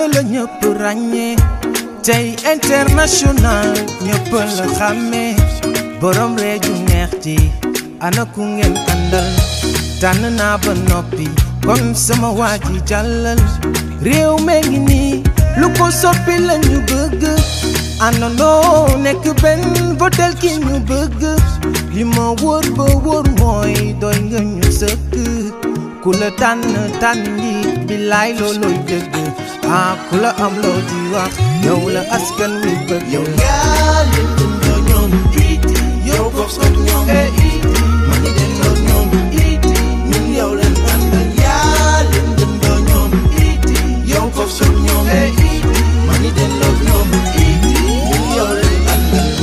la la ñëpp ràññee la xàmmee borom ree ju neex ji ana ku ngeen àndal tànn naa ba noppi kon sama waa ji jàllal réew mee ngi lu ko soppi la ñu bëgg àndandoo nekk benn votel ki ñu bëgg li ma wóor ba wóor mooy doy nga ñu sëkk ku la tànn tànn yi loolooy dëgg ah ku la am loo di wax yow la askan wi bëgg yow yaa leen dundoo ñoom it yow bokk ak ñoom it ma ñu delloo ñoom it ñun yow leen àndal yaa leen dundoo ñoom it yow bokk ak ñoom it ma ñu delloo ñoom it ñun yow leen àndal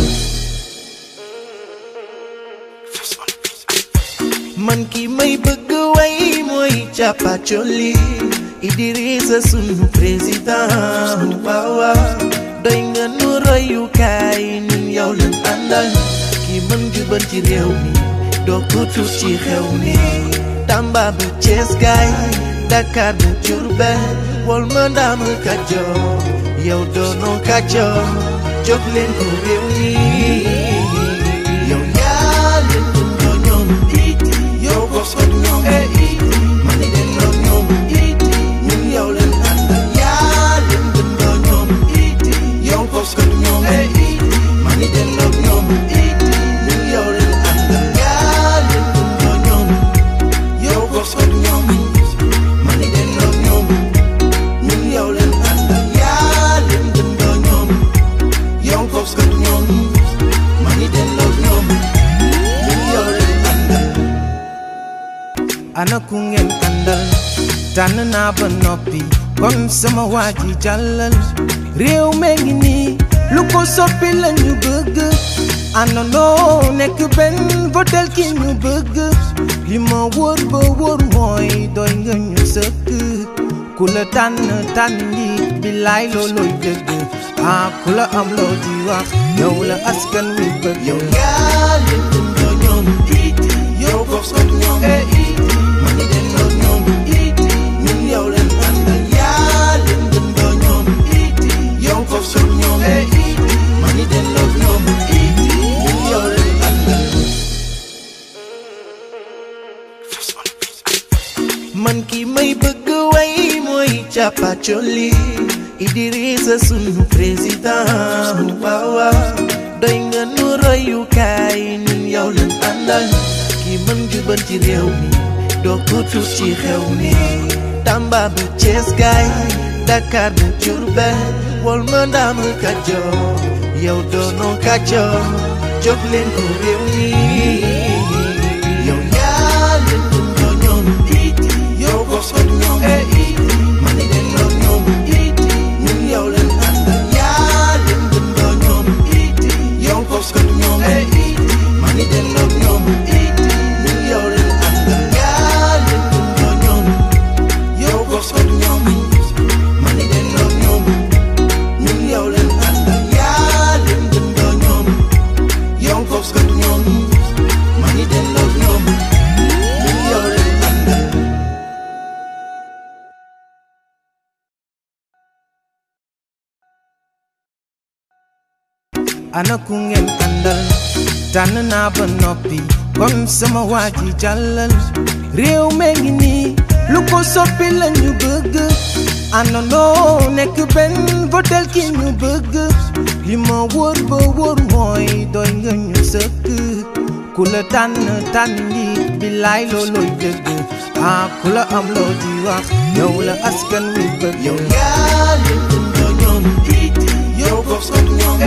man ki may bëgg way mooy càppa coli Idrissa sunu président waaw waaw doy nga nu royukaay ñun yow lañ àndal ki mën jubal ci réew mi doo ko tuut ci xew mi Tamba bu Thiès gaay Dakar bu Diourbel wol ma ndaama Kajoor yow doonoo Kajoor jóg leen ko réew mi naa ku ngeen àndal tànn naa ba noppi kon sama waa ji jàllal réew mee ngi nii lu ko soppi la ñu bëgg àndandoo nekk benn votel ki ñu bëgg li ma wóor ba wóor mooy doy nga ñu sëkk ku la tànn tànn li bilaay loolooy dëgg ah ku la am loo di wax yow la askan wi bëgg yow. yow yaa leen ko ñoom ñoom tuuti yow ko soog ñoom. man ki may bëgg way mooy càppa colli Idrissa sunu président waawa doy nga nu royukaay ñun yow lan àndal ki mën juban ci réew mi doo ko tuut ci xew mi Tamba bu Cees gaay Dakar bu Jurbel wol ma ndaam Kajoor yow doonoo Kajoor jóg leen ko réew mi ana ku ngeen àndal tànn naa ba noppi kon sama waa ji jàllal réew mee ngi nii lu ko soppi la ñu bëgg àndandoo nekk benn votel ki ñu bëgg li ma wóor ba wóor mooy doy nga ñu sëkk ku la tànn tànn li bilaay loolooy dëgg ah ku la am loo di wax yow la askan wi bëgg yow yaa leen ñoom ñoom yow ko soog ñoom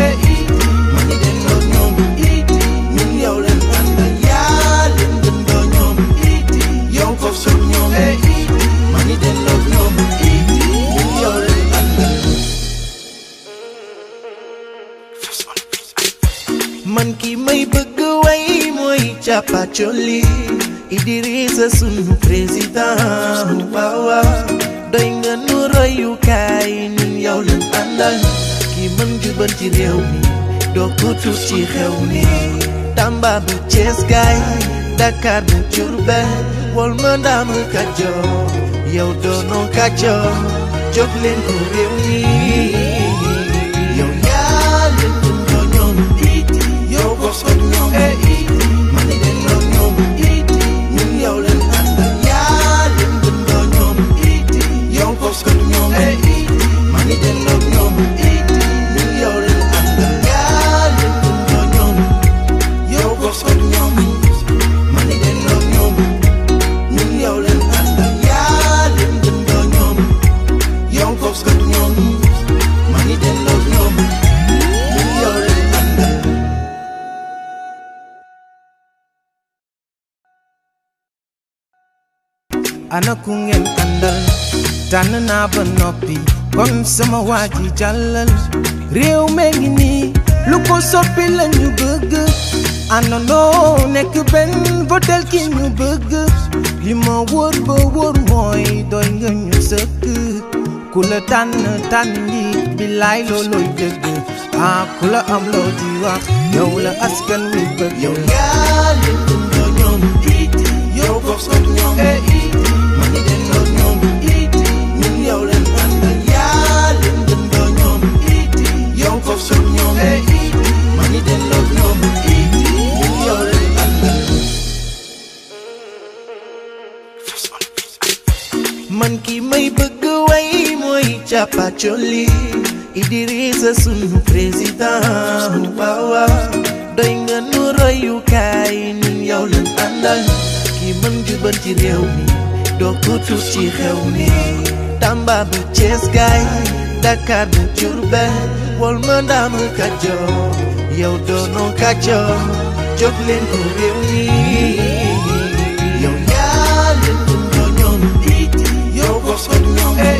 bëgg way mooy càppa coli Idrissa sunu président waawa doy nga nu royukaay ñun yow lan àndal ki mën juban ci réew mi doo ko tuut ci xew mi Tamba bu Thiès gaay Dakar bu Diourbel wol ma ndaam Kajoor yow doonoo Kajoor jóg leen ko réew mi ana ku ngeen àndal tànn naa ba noppi kon sama waa ji jàllal réew mee ngi lu ko soppi la ñu bëgg nekk benn votel ki ñu bëgg ma wóor ba wóor mooy doy nga ñu sëkk ku la tànn tànn yi bilaay loolooy dëgg ah ku la am loo di wax yow la askan wi bëgg yow yaa leen ko ñoom yow ko ñoom eh, man ki may bëgg way mooy càppa colli Idrissa sunu président waaw waaw doy nga nu royukaay ñun yow lan àndal ki mën jubal ci réew doo ko tuut ci xew Tamba bu Thiès gaay Dakar bu Diourbel wol ma ndaam Kajoor yow doonoo Kajoor jóg leen ko réew mi yow yaa leen ko ñoom yow gos ko ñoom